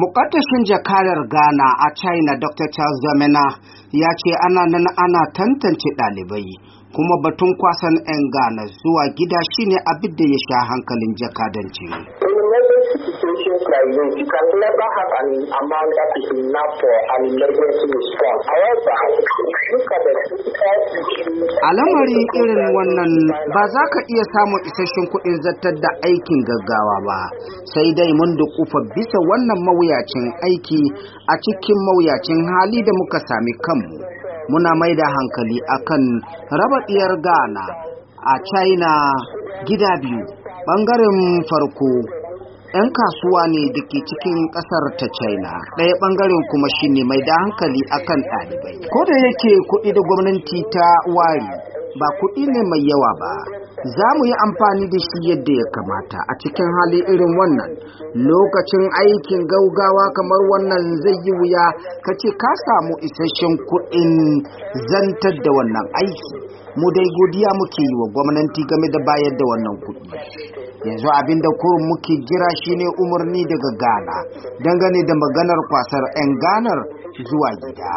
mukaddashin jakadar ghana a china dr charles domina ya ce ana nan ana tantance ɗalibai kuma batun kwasan 'yan ghana zuwa gida shine abin da ya sha hankalin jakadancin situations like this, you can never have an amount that is enough for an emergency response. However, look at the critical a lamarin irin wannan ba za ka iya samun isasshen kuɗin zartar da aikin gaggawa ba sai dai mun dukufa bisa wannan mawuyacin aiki a cikin mawuyacin hali da muka sami kanmu muna mai da hankali akan raba ɗiyar gana a china gida biyu ɓangaren farko 'yan kasuwa ne da ke cikin ƙasar ta china ɗaya ɓangaren kuma shine mai da hankali akan ɗalibai ko da yake kuɗi da gwamnati ta wari ba kuɗi ne mai yawa ba za mu yi amfani da shi yadda ya kamata a cikin hali irin wannan lokacin aikin gaugawa kamar wannan zai yi wuya ka ce ka samu isasshen kuɗin zantar da wannan aiki mu dai godiya muke yi wa gwamnati game da bayar da wannan kuɗi yanzu abinda da muke jira shine umarni daga ghana dangane da maganar kwasar 'yan ganar zuwa gida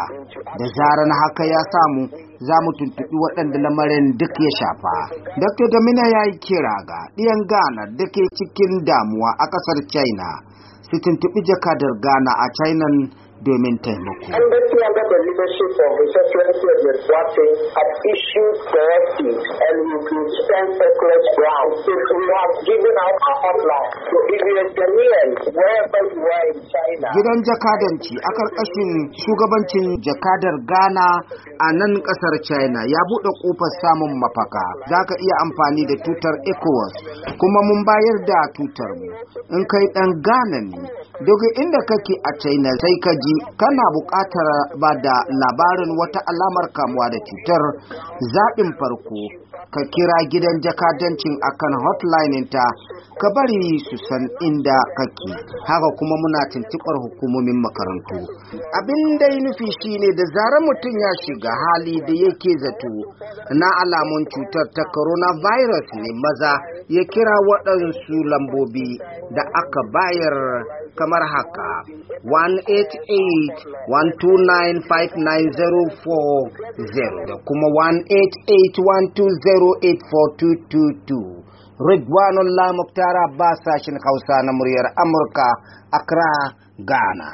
da zaran haka ya samu za mu tuntuɓi waɗanda lamarin duk ya shafa dr damina ya yi kira ga ɗiyan ghana da ke cikin damuwa a ƙasar china su tuntuɓi jakadar ghana a china domin taimako. nothing at issue and we will ground. If we have given out our hotline to wherever you are in China. Gidan jakadanci a ƙarƙashin shugabancin jakadar Ghana a nan ƙasar China ya buɗe ƙofar samun mafaka. Za ka iya amfani da tutar ECOWAS kuma mun bayar da tutar mu. In kai ɗan Ghana ne, duk inda kake a China sai ka ji kana buƙatar ba da labarin wata alamar kamuwa da cutar zaɓin farko ka kira gidan jakadancin akan hotline ta ka bari su san inda kake haka kuma muna tuntuɓar hukumomin makarantu abin da nufi shine da zarar mutum ya shiga hali da yake zato na alamun cutar ta coronavirus ne maza ya kira waɗansu lambobi da aka bayar kamar haka 188 da kuma 1881208422 Ridwanullah muktara ba sashin Hausa na muryar Amurka, Accra, Ghana.